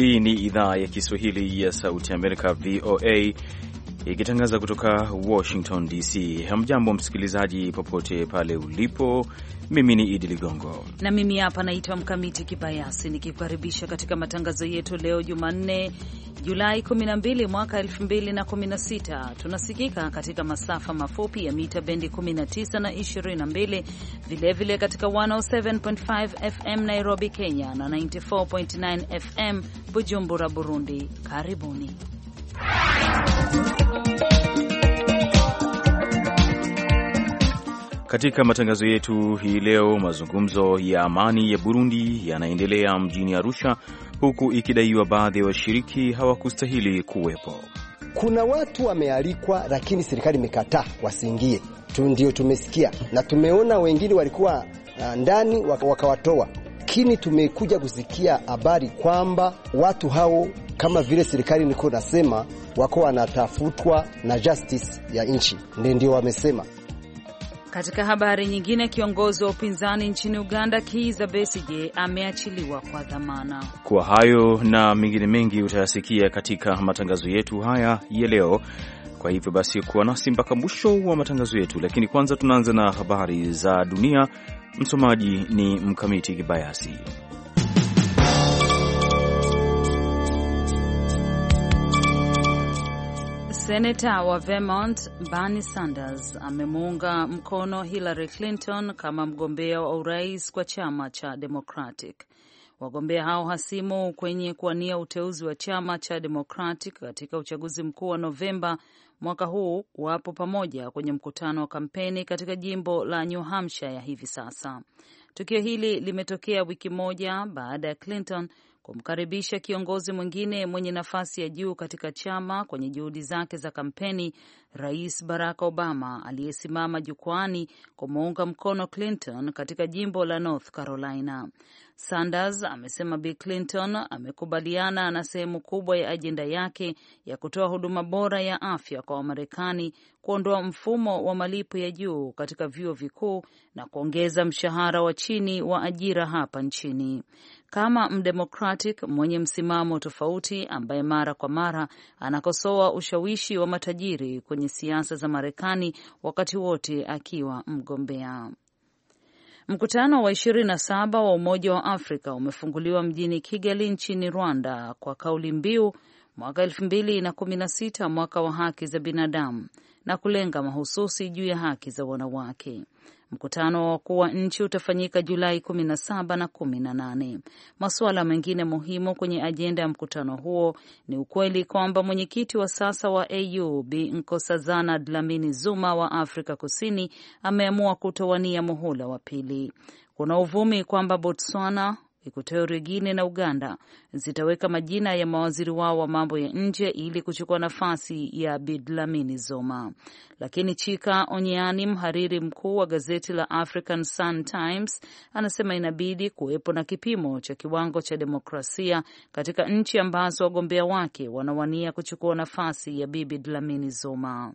Hii ni idhaa ya Kiswahili ya Sauti Amerika, VOA, ikitangaza kutoka Washington DC. Hamjambo msikilizaji, popote pale ulipo. Mimi ni Idi Ligongo na mimi hapa naitwa Mkamiti Kibayasi, nikikukaribisha katika matangazo yetu leo Jumanne, Julai 12 mwaka 2016. Tunasikika katika masafa mafupi ya mita bendi 19 na 22, vilevile vile katika 107.5 FM Nairobi, Kenya na 94.9 FM Bujumbura, Burundi. Karibuni. Katika matangazo yetu hii leo, mazungumzo ya amani ya Burundi yanaendelea mjini Arusha, huku ikidaiwa baadhi ya wa washiriki hawakustahili kuwepo. Kuna watu wamealikwa, lakini serikali imekataa wasiingie tu, ndio tumesikia na tumeona wengine walikuwa ah, ndani wakawatoa lakini tumekuja kusikia habari kwamba watu hao kama vile serikali niko nasema wako wanatafutwa na justice ya nchi, ndio wamesema. Katika habari nyingine, kiongozi wa upinzani nchini Uganda Kizza Besigye ameachiliwa kwa dhamana. Kwa hayo na mengine mengi utayasikia katika matangazo yetu haya ya leo. Kwa hivyo basi, kuwa nasi mpaka mwisho wa matangazo yetu, lakini kwanza tunaanza na habari za dunia Msomaji ni Mkamiti Kibayasi. seneta wa Vermont Bernie Sanders amemuunga mkono Hillary Clinton kama mgombea wa urais kwa chama cha Democratic. Wagombea hao hasimu kwenye kuwania uteuzi wa chama cha Democratic katika uchaguzi mkuu wa Novemba mwaka huu wapo pamoja kwenye mkutano wa kampeni katika jimbo la New Hampshire ya hivi sasa. Tukio hili limetokea wiki moja baada ya Clinton kumkaribisha kiongozi mwingine mwenye nafasi ya juu katika chama kwenye juhudi zake za kampeni, Rais Barack Obama aliyesimama jukwani kumuunga mkono Clinton katika jimbo la North Carolina. Sanders amesema bill Clinton amekubaliana na sehemu kubwa ya ajenda yake ya kutoa huduma bora ya afya kwa Wamarekani, kuondoa mfumo wa malipo ya juu katika vyuo vikuu na kuongeza mshahara wa chini wa ajira hapa nchini. Kama mdemokratic mwenye msimamo tofauti ambaye mara kwa mara anakosoa ushawishi wa matajiri kwenye siasa za Marekani wakati wote akiwa mgombea Mkutano wa 27 wa Umoja wa Afrika umefunguliwa mjini Kigali nchini Rwanda kwa kauli mbiu mwaka sita mwaka wa haki za binadamu na kulenga mahususi juu ya haki za wanawake. Mkutano wa wakuu wa nchi utafanyika Julai 17 na 18. Masuala mengine muhimu kwenye ajenda ya mkutano huo ni ukweli kwamba mwenyekiti wa sasa wa AU Bi Nkosazana Dlamini Zuma wa Afrika Kusini ameamua kutowania muhula wa pili. Kuna uvumi kwamba Botswana Equatori Guinea na Uganda zitaweka majina ya mawaziri wao wa mambo ya nje ili kuchukua nafasi ya Bidlamini Zuma. Lakini Chika Onyeani, mhariri mkuu wa gazeti la African Sun Times, anasema inabidi kuwepo na kipimo cha kiwango cha demokrasia katika nchi ambazo wagombea wake wanawania kuchukua nafasi ya Bibi Dlamini Zuma.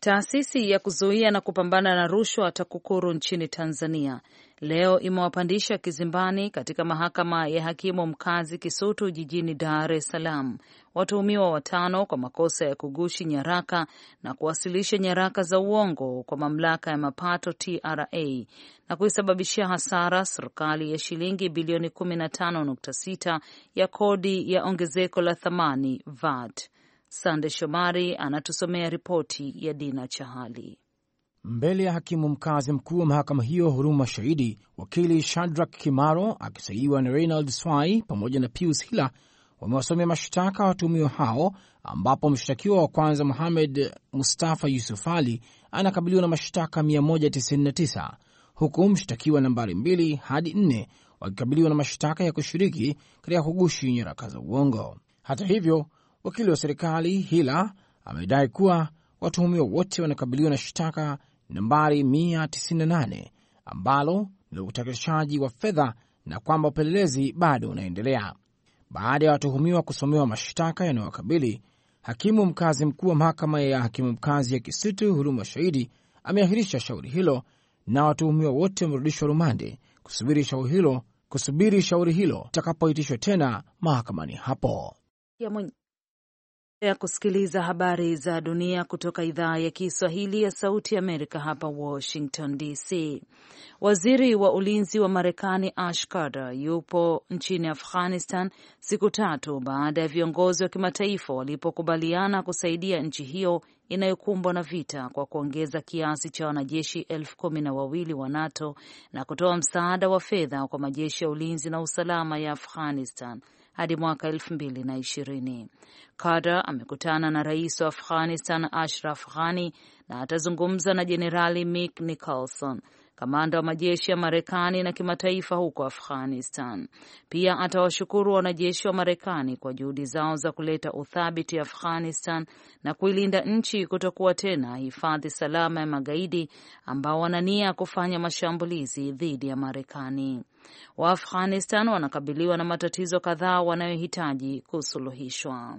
Taasisi ya kuzuia na kupambana na rushwa TAKUKURU nchini Tanzania leo imewapandisha kizimbani katika mahakama ya hakimu mkazi Kisutu jijini Dar es Salaam watuhumiwa watano kwa makosa ya kugushi nyaraka na kuwasilisha nyaraka za uongo kwa mamlaka ya mapato TRA na kuisababishia hasara serikali ya shilingi bilioni 15.6 ya kodi ya ongezeko la thamani VAT. Sande Shomari anatusomea ripoti ya Dina Chahali. Mbele ya hakimu mkazi mkuu wa mahakama hiyo Huruma Shahidi, wakili Shadrack Kimaro akisaidiwa na Reynold Swai pamoja na Pius Hila wamewasomea mashtaka watuhumiwa hao, ambapo mshtakiwa wa kwanza Muhamed Mustafa Yusuf Ali anakabiliwa na mashtaka 199 huku mshtakiwa nambari 2 hadi 4 wakikabiliwa na mashtaka ya kushiriki katika kugushi nyaraka za uongo. Hata hivyo Wakili wa serikali Hila amedai kuwa watuhumiwa wote wanakabiliwa na shtaka nambari 198 ambalo ni utakatishaji wa fedha na kwamba upelelezi bado unaendelea. Baada ya watuhumiwa kusomewa mashtaka yanayowakabili, hakimu mkazi mkuu wa mahakama ya hakimu mkazi ya Kisutu Huruma Shahidi ameahirisha shauri hilo na watuhumiwa wote wamerudishwa rumande kusubiri shauri hilo kusubiri shauri hilo takapoitishwa tena mahakamani hapo ya kusikiliza habari za dunia kutoka idhaa ya Kiswahili ya Sauti ya Amerika hapa Washington DC. Waziri wa ulinzi wa Marekani Ash Carter yupo nchini Afghanistan siku tatu baada ya viongozi wa kimataifa walipokubaliana kusaidia nchi hiyo inayokumbwa na vita kwa kuongeza kiasi cha wanajeshi elfu kumi na wawili wa NATO na kutoa msaada wa fedha kwa majeshi ya ulinzi na usalama ya Afghanistan hadi mwaka elfu mbili na ishirini. Carter amekutana na rais wa Afghanistan Ashraf Ghani na atazungumza na Jenerali Mick Nicholson kamanda wa majeshi ya Marekani na kimataifa huko Afghanistan. Pia atawashukuru wanajeshi wa Marekani kwa juhudi zao za kuleta uthabiti Afghanistan na kuilinda nchi kutokuwa tena hifadhi salama ya magaidi ambao wana nia ya kufanya mashambulizi dhidi ya Marekani. Waafghanistan wanakabiliwa na matatizo kadhaa wanayohitaji kusuluhishwa.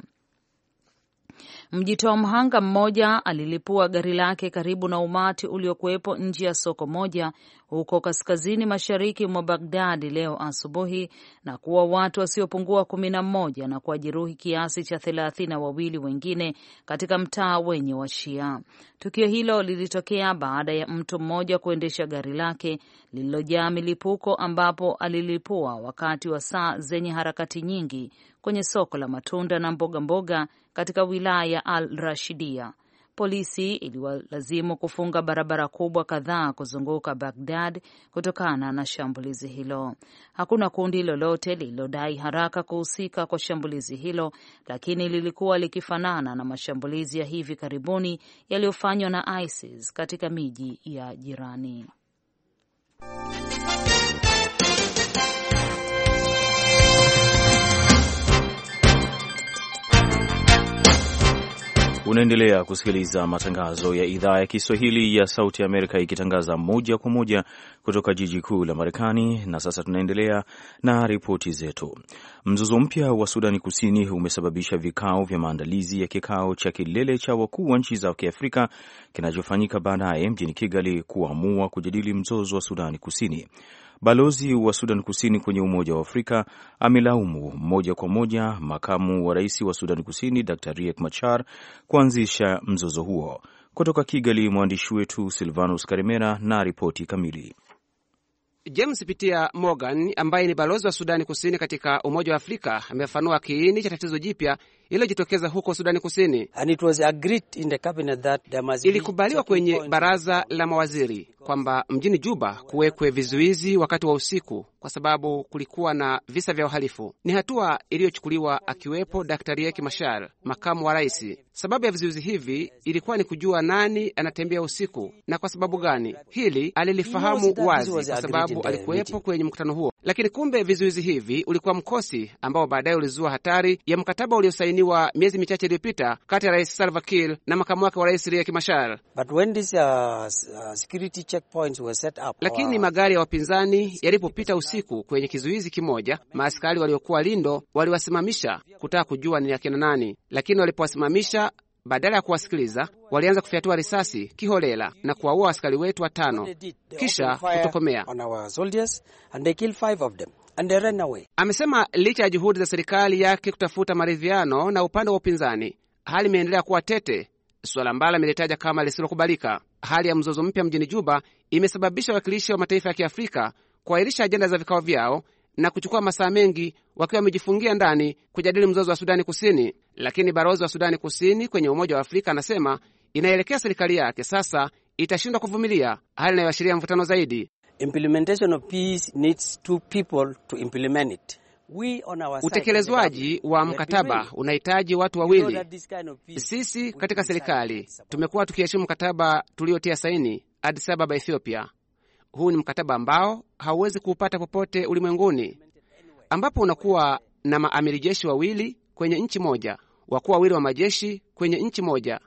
Mjitoa mhanga mmoja alilipua gari lake karibu na umati uliokuwepo nje ya soko moja huko kaskazini mashariki mwa Bagdadi leo asubuhi na kuwa watu wasiopungua kumi na mmoja na kuwajeruhi kiasi cha thelathini na wawili wengine katika mtaa wenye Washia. Tukio hilo lilitokea baada ya mtu mmoja kuendesha gari lake lililojaa milipuko ambapo alilipua wakati wa saa zenye harakati nyingi kwenye soko la matunda na mboga mboga katika wilaya ya Al Rashidia. Polisi iliwalazimu kufunga barabara kubwa kadhaa kuzunguka Bagdad kutokana na shambulizi hilo. Hakuna kundi lolote lililodai haraka kuhusika kwa shambulizi hilo, lakini lilikuwa likifanana na mashambulizi ya hivi karibuni yaliyofanywa na ISIS katika miji ya jirani. Unaendelea kusikiliza matangazo ya idhaa ya Kiswahili ya Sauti Amerika ikitangaza moja kwa moja kutoka jiji kuu la Marekani. Na sasa tunaendelea na ripoti zetu. Mzozo mpya wa Sudani Kusini umesababisha vikao vya maandalizi ya kikao cha kilele cha wakuu wa nchi za Kiafrika kinachofanyika baadaye mjini Kigali kuamua kujadili mzozo wa Sudani Kusini. Balozi wa Sudan Kusini kwenye Umoja wa Afrika amelaumu moja kwa moja makamu wa rais wa Sudan Kusini Dr Riek Machar kuanzisha mzozo huo. Kutoka Kigali, mwandishi wetu Silvanus Karemera na ripoti kamili. James Pitia Morgan ambaye ni balozi wa Sudani Kusini katika Umoja wa Afrika amefanua kiini cha tatizo jipya iliyojitokeza huko Sudani Kusini. Ilikubaliwa kwenye baraza la mawaziri kwamba mjini Juba kuwekwe vizuizi wakati wa usiku kwa sababu kulikuwa na visa vya uhalifu. Ni hatua iliyochukuliwa akiwepo Daktari Riek Machar, makamu wa rais. Sababu ya vizuizi hivi ilikuwa ni kujua nani anatembea usiku na kwa sababu gani. Hili alilifahamu wazi kwa sababu alikuwepo kwenye mkutano huo, lakini kumbe vizuizi hivi ulikuwa mkosi ambao baadaye ulizua hatari ya mkataba uliosaini wa miezi michache iliyopita kati ya Rais Salva Kiir na makamu wake wa rais Riek Machar. Uh, uh, lakini uh, magari ya wapinzani yalipopita usiku kwenye kizuizi kimoja, maaskari waliokuwa Lindo waliwasimamisha kutaka kujua ni akina nani, lakini walipowasimamisha badala ya kuwasikiliza, walianza kufyatua risasi kiholela na kuwaua askari wetu watano, kisha kutokomea. Amesema licha ya juhudi za serikali yake kutafuta maridhiano na upande wa upinzani, hali imeendelea kuwa tete, suala ambalo amelitaja kama lisilokubalika. Hali ya mzozo mpya mjini Juba imesababisha wawakilishi wa mataifa ya Kiafrika kuahirisha ajenda za vikao vyao na kuchukua masaa mengi wakiwa wamejifungia ndani kujadili mzozo wa Sudani Kusini. Lakini balozi wa Sudani Kusini kwenye Umoja wa Afrika anasema inaelekea serikali yake sasa itashindwa kuvumilia, hali inayoashiria mvutano zaidi. Implementation of peace needs two people to implement it. Utekelezwaji wa mkataba unahitaji watu wawili. Sisi katika serikali tumekuwa tukiheshimu mkataba tuliotia saini Addis Ababa, Ethiopia, huu ni mkataba ambao hauwezi kuupata popote ulimwenguni, ambapo unakuwa na maamiri jeshi wawili kwenye nchi moja, wakuu wawili wa majeshi kwenye nchi moja,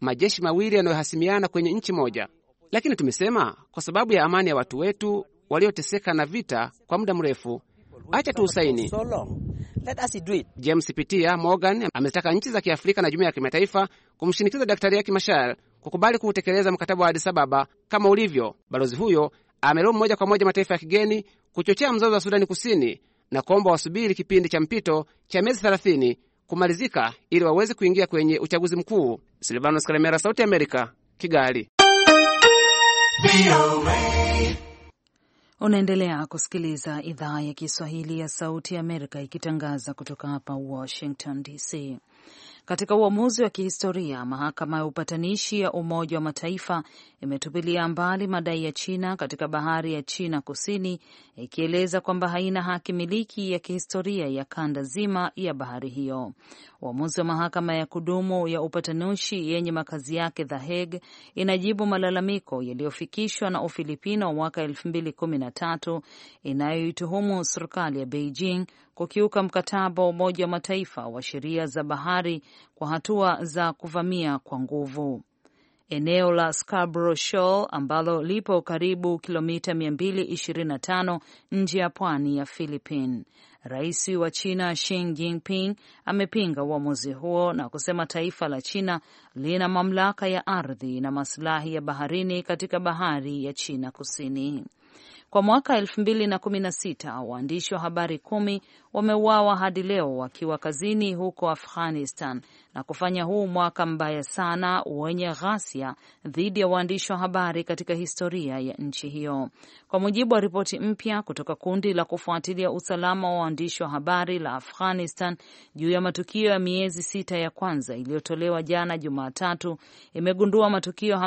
majeshi mawili yanayohasimiana kwenye nchi moja. Lakini tumesema kwa sababu ya amani ya watu wetu walioteseka na vita kwa muda mrefu, acha tu usaini. James Pitia Morgan amezitaka nchi za Kiafrika na jumuiya ya kimataifa kumshinikiza Daktari yaki mashal kukubali kuutekeleza mkataba wa adisababa Ababa kama ulivyo. Balozi huyo amelaumu moja kwa moja mataifa ya kigeni kuchochea mzozo wa Sudani Kusini na kuomba wasubiri kipindi cha mpito cha miezi 30 kumalizika ili waweze kuingia kwenye uchaguzi mkuu. Silvanos Kalemera, Sauti Amerika, Kigali. Unaendelea kusikiliza idhaa ya Kiswahili ya Sauti Amerika ikitangaza kutoka hapa Washington DC. Katika uamuzi wa kihistoria, mahakama ya upatanishi ya Umoja wa Mataifa imetupilia mbali madai ya China katika bahari ya China Kusini, ikieleza kwamba haina haki miliki ya kihistoria ya kanda zima ya bahari hiyo. Uamuzi wa mahakama ya kudumu ya upatanishi yenye makazi yake The Hague inajibu malalamiko yaliyofikishwa na Ufilipino mwaka 2013 inayoituhumu serikali ya Beijing kukiuka mkataba wa Umoja wa Mataifa wa sheria za bahari kwa hatua za kuvamia kwa nguvu. Eneo la Scarborough Shoal ambalo lipo karibu kilomita 225 nje ya pwani ya Philippine. Rais wa China Xi Jinping amepinga uamuzi huo na kusema taifa la China lina mamlaka ya ardhi na masilahi ya baharini katika bahari ya China Kusini. Kwa mwaka elfu mbili na kumi na sita waandishi wa habari kumi wameuawa hadi leo wakiwa kazini huko Afghanistan na kufanya huu mwaka mbaya sana wenye ghasia dhidi ya waandishi wa habari katika historia ya nchi hiyo, kwa mujibu wa ripoti mpya kutoka kundi la kufuatilia usalama wa waandishi wa habari la Afghanistan juu ya matukio ya miezi sita ya kwanza iliyotolewa jana Jumatatu, imegundua matukio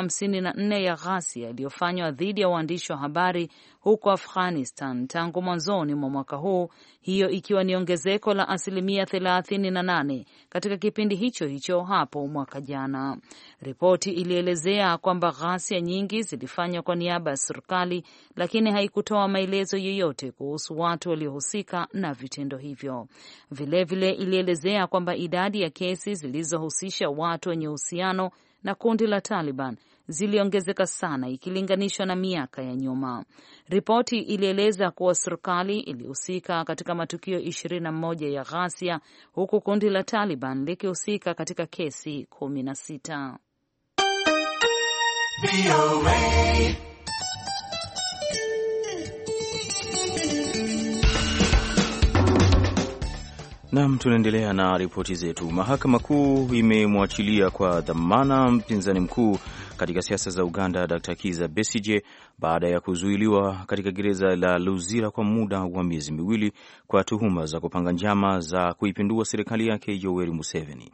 nne ya ghasia yaliyofanywa dhidi ya waandishi wa habari huko Afghanistan tangu mwanzoni mwa mwaka huu, hiyo ikiwa ni ongezeko la asilimia 38 katika kipindi hicho hicho hapo mwaka jana. Ripoti ilielezea kwamba ghasia nyingi zilifanywa kwa niaba ya serikali, lakini haikutoa maelezo yoyote kuhusu watu waliohusika na vitendo hivyo. Vilevile vile ilielezea kwamba idadi ya kesi zilizohusisha watu wenye uhusiano na kundi la Taliban ziliongezeka sana ikilinganishwa na miaka ya nyuma. Ripoti ilieleza kuwa serikali ilihusika katika matukio ishirini na moja ya ghasia huku kundi la Taliban likihusika katika kesi kumi na sita. Nam, tunaendelea na, na ripoti zetu. Mahakama Kuu imemwachilia kwa dhamana mpinzani mkuu katika siasa za Uganda, Dr Kiza Besije, baada ya kuzuiliwa katika gereza la Luzira kwa muda wa miezi miwili kwa tuhuma za kupanga njama za kuipindua serikali yake Yoweri Museveni.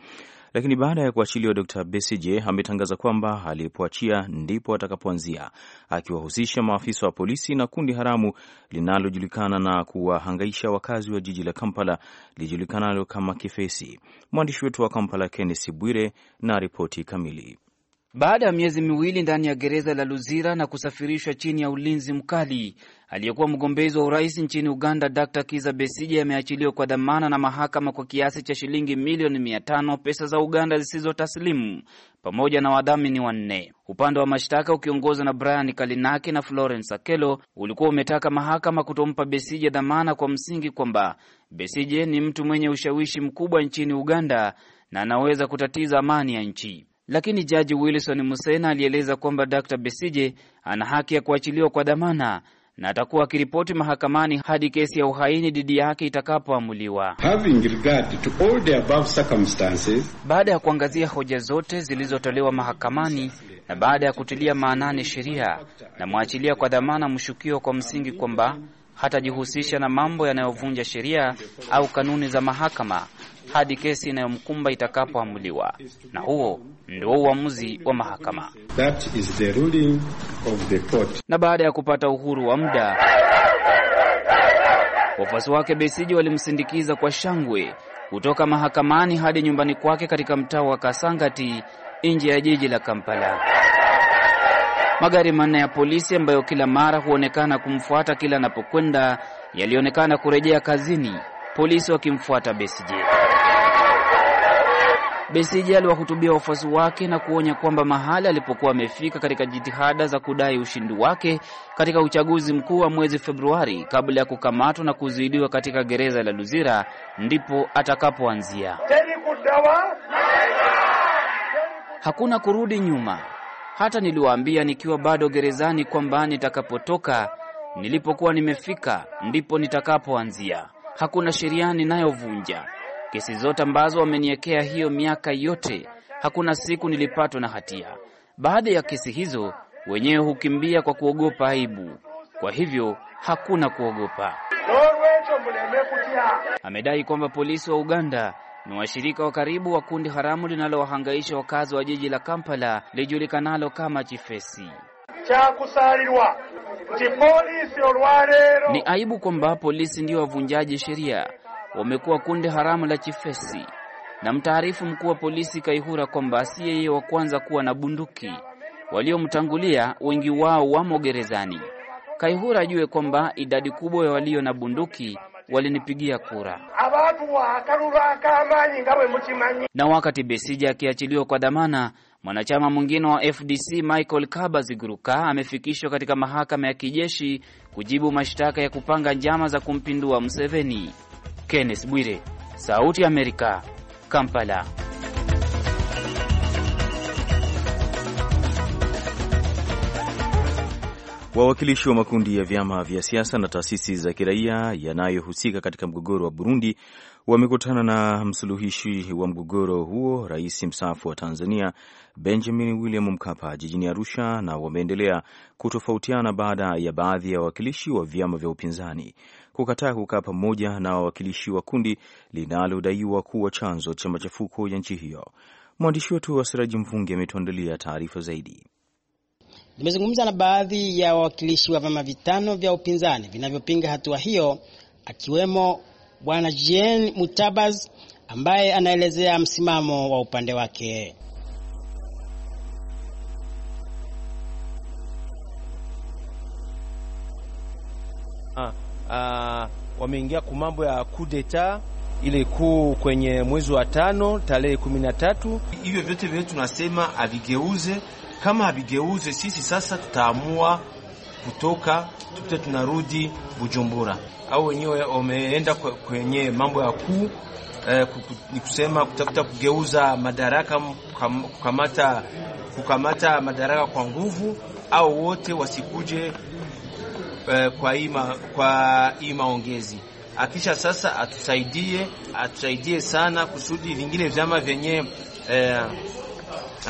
Lakini baada ya kuachiliwa, Dr Besije ametangaza kwamba alipoachia ndipo atakapoanzia, akiwahusisha maafisa wa polisi na kundi haramu linalojulikana na kuwahangaisha wakazi wa jiji la Kampala lijulikanalo kama Kifesi. Mwandishi wetu wa Kampala, Kennesi Bwire, na ripoti kamili. Baada ya miezi miwili ndani ya gereza la Luzira na kusafirishwa chini ya ulinzi mkali, aliyekuwa mgombezi wa urais nchini Uganda Dr Kiza Besije ameachiliwa kwa dhamana na mahakama kwa kiasi cha shilingi milioni mia tano pesa za Uganda zisizotaslimu pamoja na wadhamini wanne. Upande wa mashtaka ukiongozwa na Brian Kalinaki na Florence Akelo ulikuwa umetaka mahakama kutompa Besije dhamana kwa msingi kwamba Besije ni mtu mwenye ushawishi mkubwa nchini Uganda na anaweza kutatiza amani ya nchi lakini Jaji Wilson Musena alieleza kwamba Dr Besije ana haki ya kuachiliwa kwa dhamana na atakuwa akiripoti mahakamani hadi kesi ya uhaini dhidi yake itakapoamuliwa. Baada ya kuangazia hoja zote zilizotolewa mahakamani na baada ya kutilia maanani sheria, namwachilia kwa dhamana mshukiwa kwa msingi kwamba hatajihusisha na mambo yanayovunja sheria au kanuni za mahakama hadi kesi inayomkumba itakapoamuliwa, na huo ndio uamuzi wa mahakama. That is the ruling of the court. Na baada ya kupata uhuru wa muda, wafuasi wake Besiji walimsindikiza kwa shangwe kutoka mahakamani hadi nyumbani kwake katika mtaa wa Kasangati nje ya jiji la Kampala. Magari manne ya polisi ambayo kila mara huonekana kumfuata kila anapokwenda yalionekana kurejea kazini, polisi wakimfuata Besigye. Besigye aliwahutubia wafuasi wake na kuonya kwamba mahali alipokuwa amefika katika jitihada za kudai ushindi wake katika uchaguzi mkuu wa mwezi Februari kabla ya kukamatwa na kuzuiliwa katika gereza la Luzira ndipo atakapoanzia. Hakuna kurudi nyuma. Hata niliwaambia nikiwa bado gerezani kwamba nitakapotoka, nilipokuwa nimefika ndipo nitakapoanzia. Hakuna sheria ninayovunja. Kesi zote ambazo wameniekea hiyo miaka yote, hakuna siku nilipatwa na hatia. Baadhi ya kesi hizo wenyewe hukimbia kwa kuogopa aibu, kwa hivyo hakuna kuogopa. Amedai kwamba polisi wa Uganda ni washirika wa karibu wa kundi haramu linalowahangaisha wakazi wa jiji la Kampala lijulikanalo kama Chifesi. Ni aibu kwamba polisi ndio wavunjaji sheria wamekuwa kundi haramu la Chifesi. Na mtaarifu mkuu wa polisi Kaihura kwamba si yeye wa kwanza kuwa na bunduki. Waliomtangulia wengi wao wamo gerezani. Kaihura ajue kwamba idadi kubwa ya walio na bunduki walinipigia kura. Na wakati Besija akiachiliwa kwa dhamana, mwanachama mwingine wa FDC Michael Kaba Ziguruka amefikishwa katika mahakama ya kijeshi kujibu mashtaka ya kupanga njama za kumpindua Museveni. Kenneth Bwire, Sauti ya Amerika, Kampala. Wawakilishi wa makundi ya vyama vya siasa na taasisi za kiraia yanayohusika katika mgogoro wa Burundi wamekutana na msuluhishi wa mgogoro huo, rais mstaafu wa Tanzania Benjamin William Mkapa jijini Arusha, na wameendelea kutofautiana baada ya baadhi ya wawakilishi wa vyama vya upinzani kukataa kukaa pamoja na wawakilishi wa kundi linalodaiwa kuwa chanzo cha machafuko ya nchi hiyo. Mwandishi wetu wa Siraji Mvungi ametuandalia taarifa zaidi. Nimezungumza na baadhi ya wawakilishi wa vyama vitano vya upinzani vinavyopinga hatua hiyo, akiwemo Bwana Jean mutabas ambaye anaelezea msimamo wa upande wake. Ah, wameingia ku mambo ya kudeta ile kuu kwenye mwezi wa tano tarehe kumi na tatu. Hivyo vyote vile tunasema avigeuze, kama avigeuze, sisi sasa tutaamua kutoka, tupite tunarudi Bujumbura au wenyewe wameenda kwenye mambo ya kuu eh, ni kusema kutafuta kugeuza madaraka kukamata, kukamata madaraka kwa nguvu, au wote wasikuje Eh, kwa hii kwa hii maongezi akisha sasa, atusaidie atusaidie sana kusudi vingine vyama vyenye eh,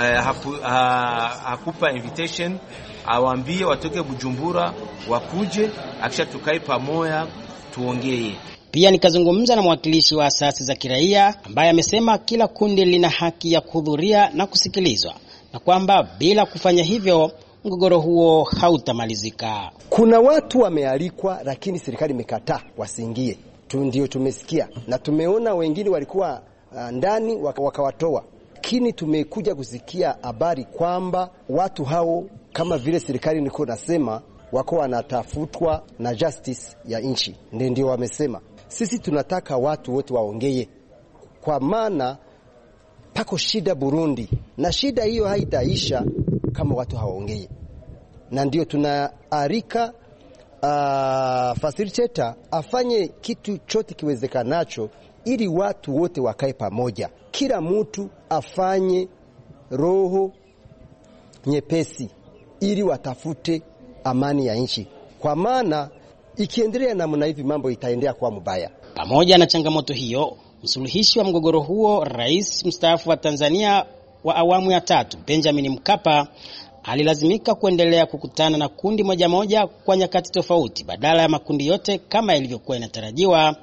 eh, ha, hakupa invitation awambie watoke Bujumbura wakuje, akisha tukae pamoja tuongee. Pia nikazungumza na mwakilishi wa asasi za kiraia ambaye amesema kila kundi lina haki ya kuhudhuria na kusikilizwa na kwamba bila kufanya hivyo mgogoro huo hautamalizika. Kuna watu wamealikwa, lakini serikali imekataa wasiingie tu, ndio tumesikia na tumeona wengine walikuwa ah, ndani wakawatoa, lakini tumekuja kusikia habari kwamba watu hao kama vile serikali niko nasema wako wanatafutwa na justice ya nchi, ndio wamesema. Sisi tunataka watu wote waongee, kwa maana pako shida Burundi, na shida hiyo haitaisha kama watu hawaongei, na ndio tunaarika uh, ah, fasiliteta afanye kitu chote kiwezekanacho ili watu wote wakae pamoja, kila mtu afanye roho nyepesi, ili watafute amani ya nchi, kwa maana ikiendelea namna hivi mambo itaendea kuwa mbaya. Pamoja na changamoto hiyo, msuluhishi wa mgogoro huo, rais mstaafu wa Tanzania wa awamu ya tatu Benjamin Mkapa alilazimika kuendelea kukutana na kundi moja moja kwa nyakati tofauti badala ya makundi yote kama ilivyokuwa inatarajiwa,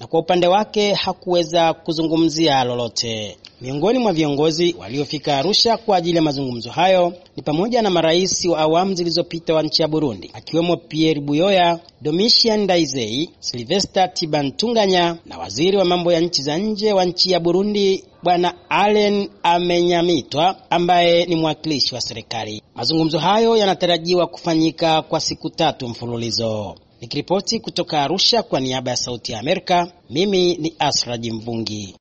na kwa upande wake hakuweza kuzungumzia lolote. Miongoni mwa viongozi waliofika Arusha kwa ajili ya mazungumzo hayo ni pamoja na marais wa awamu zilizopita wa nchi ya Burundi akiwemo Pierre Buyoya, Domitian Daizei, Sylvester Tibantunganya na waziri wa mambo ya nchi za nje wa nchi ya Burundi Bwana Allen Amenyamitwa ambaye ni mwakilishi wa serikali. Mazungumzo hayo yanatarajiwa kufanyika kwa siku tatu mfululizo. Nikiripoti kutoka Arusha kwa niaba ya Sauti ya Amerika, mimi ni Asraji Mvungi.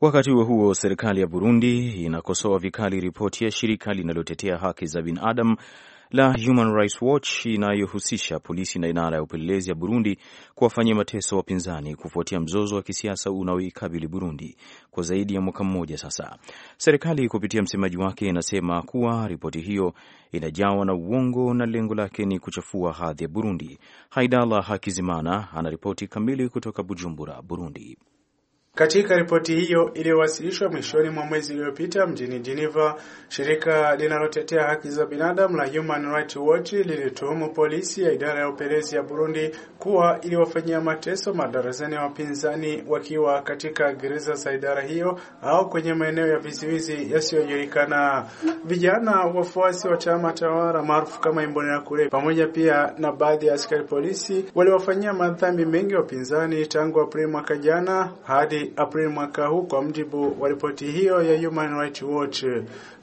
Wakati huo huo, serikali ya Burundi inakosoa vikali ripoti ya shirika linalotetea haki za binadamu la Human Rights Watch inayohusisha polisi na idara ya upelelezi ya Burundi kuwafanyia mateso wapinzani kufuatia mzozo wa kisiasa unaoikabili Burundi kwa zaidi ya mwaka mmoja sasa. Serikali kupitia msemaji wake inasema kuwa ripoti hiyo inajawa na uongo na lengo lake ni kuchafua hadhi ya Burundi. Haidala Hakizimana anaripoti kamili kutoka Bujumbura, Burundi. Katika ripoti hiyo iliyowasilishwa mwishoni mwa mwezi uliopita mjini Geneva, shirika linalotetea haki za binadamu la Human Rights Watch lilituhumu polisi ya idara ya upelezi ya Burundi kuwa iliwafanyia mateso madarasani ya wapinzani wakiwa katika gereza za idara hiyo au kwenye maeneo ya vizuizi yasiyojulikana. Vijana wafuasi wa chama tawala maarufu kama Imbonerakure pamoja pia na baadhi ya askari polisi waliwafanyia madhambi mengi wapinzani tangu Aprili mwaka jana hadi april Aprili mwaka huu, kwa mjibu wa ripoti hiyo ya Human Rights Watch.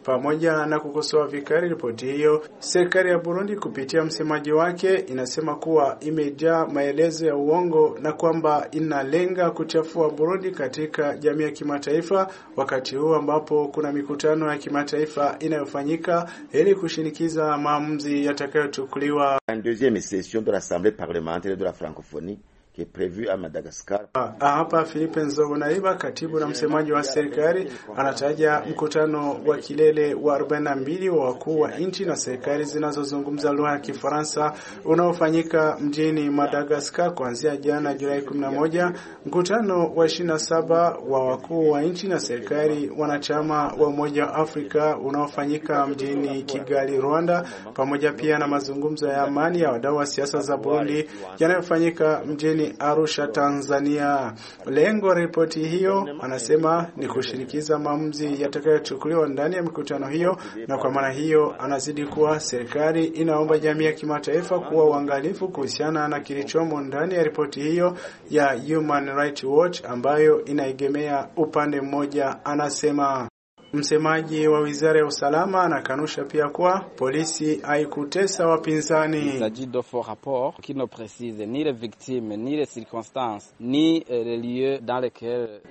Pamoja na kukosoa vikali ripoti hiyo, serikali ya Burundi kupitia msemaji wake inasema kuwa imejaa maelezo ya uongo na kwamba inalenga kuchafua Burundi katika jamii ya kimataifa, wakati huu ambapo kuna mikutano ya kimataifa inayofanyika ili kushinikiza maamuzi yatakayochukuliwa. Deuxième session de parlementaire de la francophonie prévu à Madagascar. Ah, ah, hapa Philippe Nzobonaiba, katibu na msemaji wa serikali, anataja mkutano wa kilele wa 42 wa wakuu wa nchi na serikali zinazozungumza lugha ya Kifaransa unaofanyika mjini Madagascar kuanzia jana Julai 11. Mkutano wa 27 wa wakuu wa nchi na serikali wanachama wa Umoja wa Afrika unaofanyika mjini Kigali, Rwanda, pamoja pia na mazungumzo ya amani ya wadau wa siasa za Burundi yanayofanyika mjini Arusha, Tanzania. Lengo ripoti hiyo, anasema ni kushirikiza maamuzi yatakayochukuliwa ndani ya mikutano hiyo, na kwa maana hiyo anazidi kuwa serikali inaomba jamii ya kimataifa kuwa uangalifu kuhusiana na kilichomo ndani ya ripoti hiyo ya Human Rights Watch ambayo inaegemea upande mmoja, anasema. Msemaji wa wizara ya usalama anakanusha pia kuwa polisi haikutesa wapinzani.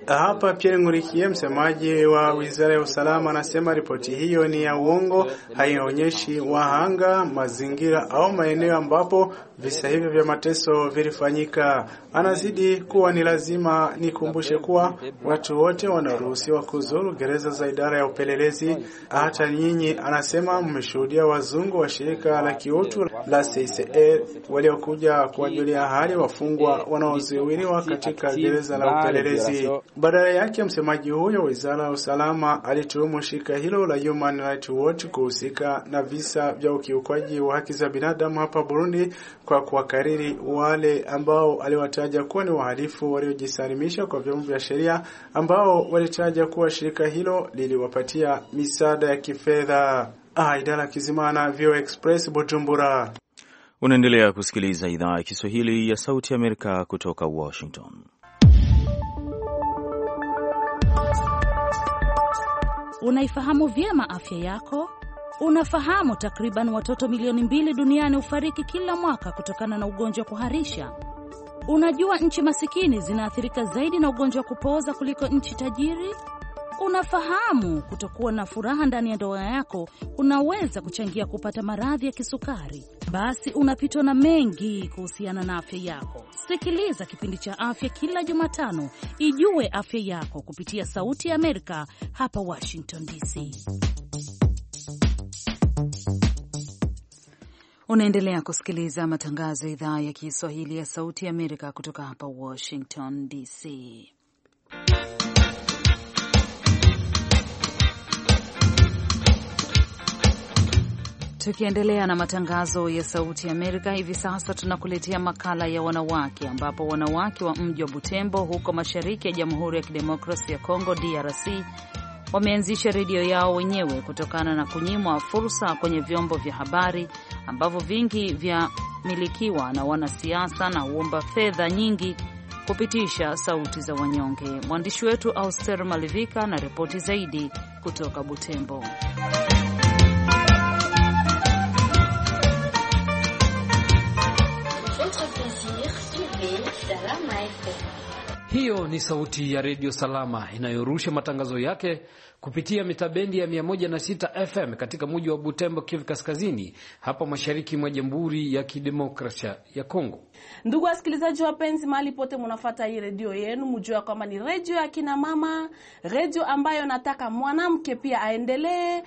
Hapa Pierre Ngurikie, msemaji wa wizara ya usalama, anasema ripoti hiyo ni ya uongo, haionyeshi wahanga, mazingira au maeneo ambapo visa hivyo vya mateso vilifanyika. Anazidi kuwa ni lazima nikumbushe kuwa watu wote wanaruhusiwa kuzuru gereza zaidi idara ya upelelezi. Hata nyinyi, anasema mmeshuhudia wazungu wa shirika la kiutu la CICR waliokuja kuwajulia hali wafungwa wanaozuiliwa katika gereza la upelelezi. Badala yake, msemaji huyo wizara ya usalama alituhumu shirika hilo la Human Rights Watch kuhusika na visa vya ukiukwaji wa haki za binadamu hapa Burundi kwa kuwakariri wale ambao aliwataja kuwa ni wahalifu waliojisalimisha kwa vyombo vya sheria ambao walitaja kuwa shirika hilo lili kuliwapatia misaada ya kifedha. Aidala ah, Kizimana, Vio Express, Bujumbura. Unaendelea kusikiliza idhaa ya Kiswahili ya Sauti Amerika kutoka Washington. Unaifahamu vyema afya yako? Unafahamu takriban watoto milioni mbili duniani hufariki kila mwaka kutokana na ugonjwa wa kuharisha? Unajua nchi masikini zinaathirika zaidi na ugonjwa wa kupooza kuliko nchi tajiri? Unafahamu, kutokuwa na furaha ndani ya ndoa yako kunaweza kuchangia kupata maradhi ya kisukari. Basi unapitwa na mengi kuhusiana na afya yako. Sikiliza kipindi cha afya kila Jumatano, ijue afya yako kupitia Sauti ya Amerika hapa Washington DC. Unaendelea kusikiliza matangazo ya idhaa ya Kiswahili ya Sauti ya Amerika kutoka hapa Washington DC. tukiendelea na matangazo ya Sauti ya Amerika hivi sasa, tunakuletea makala ya wanawake, ambapo wanawake wa mji wa Butembo huko mashariki ya Jamhuri ya Kidemokrasia ya Kongo DRC wameanzisha redio yao wenyewe kutokana na kunyimwa fursa kwenye vyombo vya habari ambavyo vingi vyamilikiwa na wanasiasa na huomba fedha nyingi kupitisha sauti za wanyonge. Mwandishi wetu Auster Malivika na ripoti zaidi kutoka Butembo. Hiyo ni sauti ya redio Salama inayorusha matangazo yake kupitia mitabendi ya 106 FM katika mji wa Butembo, Kivu Kaskazini, hapa mashariki mwa Jamhuri ya Kidemokrasia ya Kongo. Ndugu wasikilizaji wapenzi, mahali pote munafata hii redio yenu, mujua ya kwamba ni redio ya kinamama redio ambayo nataka mwanamke pia aendelee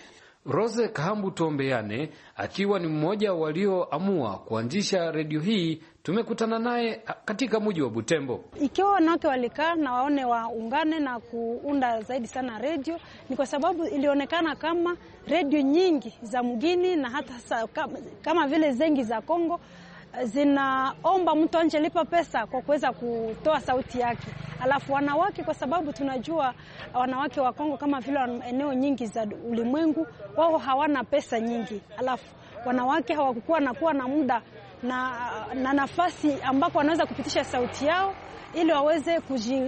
Rose Kahambu tuombeane akiwa ni mmoja walioamua kuanzisha redio hii, tumekutana naye katika mji wa Butembo. Ikiwa wanawake walikaa na waone waungane na kuunda zaidi sana redio, ni kwa sababu ilionekana kama redio nyingi za mgini na hata sa, kama, kama vile zengi za Kongo eh, zinaomba mtu anje lipa pesa kwa kuweza kutoa sauti yake. Alafu wanawake, kwa sababu tunajua wanawake wa Kongo kama vile eneo nyingi za ulimwengu, wao hawana pesa nyingi, alafu wanawake hawakukuwa nakuwa na muda na, na nafasi ambako wanaweza kupitisha sauti yao ili waweze kuji,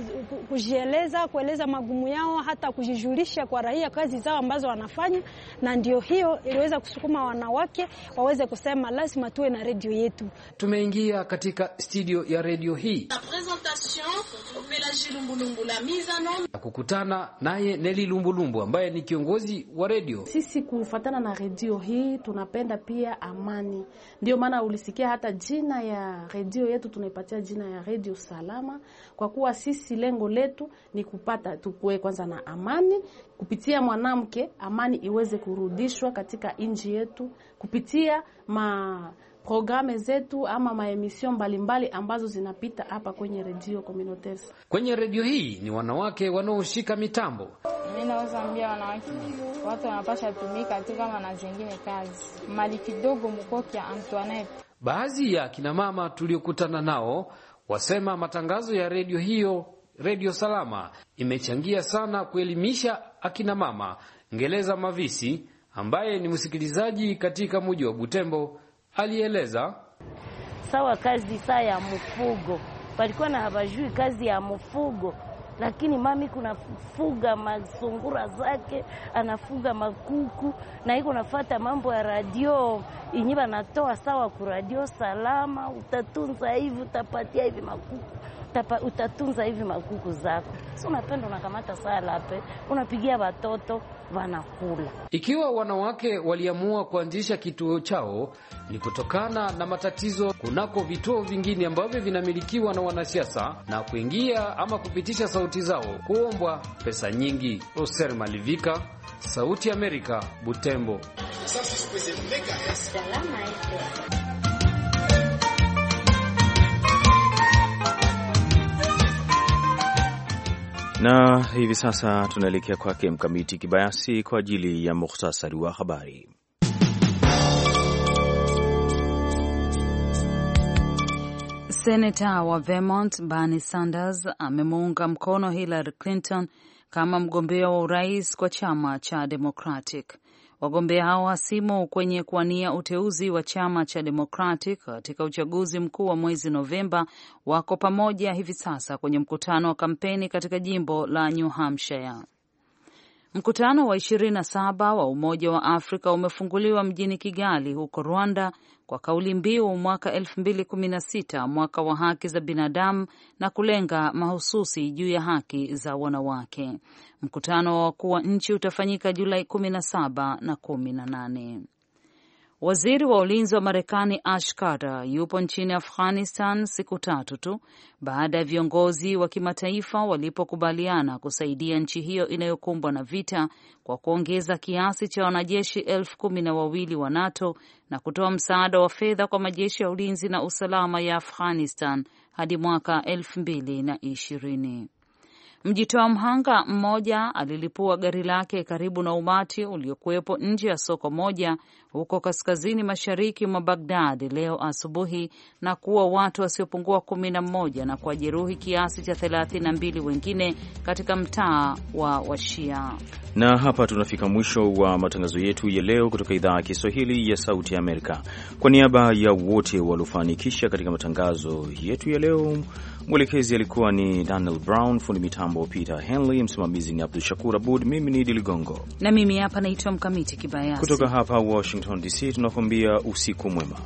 kujieleza kueleza magumu yao, hata kujijulisha kwa raia kazi zao ambazo wanafanya, na ndio hiyo iliweza kusukuma wanawake waweze kusema lazima tuwe na redio yetu. Tumeingia katika studio ya redio hii na kukutana naye Neli Lumbulumbu ambaye ni kiongozi wa redio. Sisi kufatana na redio hii tunapenda pia amani, ndio maana ulisikia hata jina ya redio yetu tunaipatia jina ya redio Salama usalama, kwa kuwa sisi lengo letu ni kupata tukue kwanza na amani kupitia mwanamke, amani iweze kurudishwa katika nchi yetu kupitia ma programe zetu ama maemisio mbalimbali ambazo zinapita hapa kwenye redio communautaires. Kwenye redio hii ni wanawake wanaoshika mitambo. Mimi naweza ambia wanawake watu wanapasha tumika tu kama na zingine kazi mali kidogo mkoki Antoinette. Baadhi ya kinamama tuliokutana nao wasema matangazo ya redio hiyo Redio Salama imechangia sana kuelimisha akina mama. Ngeleza Mavisi ambaye ni msikilizaji katika muji wa Butembo alieleza sawa kazi saa ya mfugo palikuwa na habajui kazi ya mfugo lakini mami kunafuga masungura zake, anafuga makuku na iko nafata mambo ya radio inyi banatoa sawa ku radio salama, utatunza hivi, utapatia hivi makuku Tapa, utatunza hivi makuku zako, si unapenda unakamata saa lape unapigia watoto wanakula. Ikiwa wanawake waliamua kuanzisha kituo chao, ni kutokana na matatizo kunako vituo vingine ambavyo vinamilikiwa na wanasiasa na kuingia ama kupitisha sauti zao kuombwa pesa nyingi. Oser Malivika, Sauti ya Amerika, Butembo. na hivi sasa tunaelekea kwake Mkamiti Kibayasi kwa ajili ya muhtasari wa habari. Senata wa Vermont Bernie Sanders amemuunga mkono Hillary Clinton kama mgombea wa urais kwa chama cha Democratic. Wagombea hao hasimu kwenye kuwania uteuzi wa chama cha Democratic katika uchaguzi mkuu wa mwezi Novemba wako pamoja hivi sasa kwenye mkutano wa kampeni katika jimbo la New Hampshire. Mkutano wa 27 wa Umoja wa Afrika umefunguliwa mjini Kigali huko Rwanda kwa kauli mbiu mwaka 2016 mwaka wa haki za binadamu na kulenga mahususi juu ya haki za wanawake. Mkutano wa wakuu wa nchi utafanyika Julai 17 na 18. Waziri wa ulinzi wa Marekani Ash Carter yupo nchini Afghanistan siku tatu tu baada ya viongozi wa kimataifa walipokubaliana kusaidia nchi hiyo inayokumbwa na vita kwa kuongeza kiasi cha wanajeshi elfu kumi na wawili wa NATO na kutoa msaada wa fedha kwa majeshi ya ulinzi na usalama ya Afghanistan hadi mwaka elfu mbili na ishirini. Mjitoa mhanga mmoja alilipua gari lake karibu na umati uliokuwepo nje ya soko moja huko kaskazini mashariki mwa Bagdad leo asubuhi na kuua watu wasiopungua kumi na mmoja na kuwajeruhi kiasi cha thelathini na mbili wengine katika mtaa wa Washia. Na hapa tunafika mwisho wa matangazo yetu ya leo kutoka idhaa ya Kiswahili ya Sauti ya Amerika. Kwa niaba ya wote waliofanikisha katika matangazo yetu ya leo Mwelekezi alikuwa ni Daniel Brown, fundi mitambo Peter Henley, msimamizi ni Abdu Shakur Abud, mimi ni Idi Ligongo na mimi hapa naitwa Mkamiti Kibayasi. Kutoka hapa Washington DC tunakuambia usiku mwema.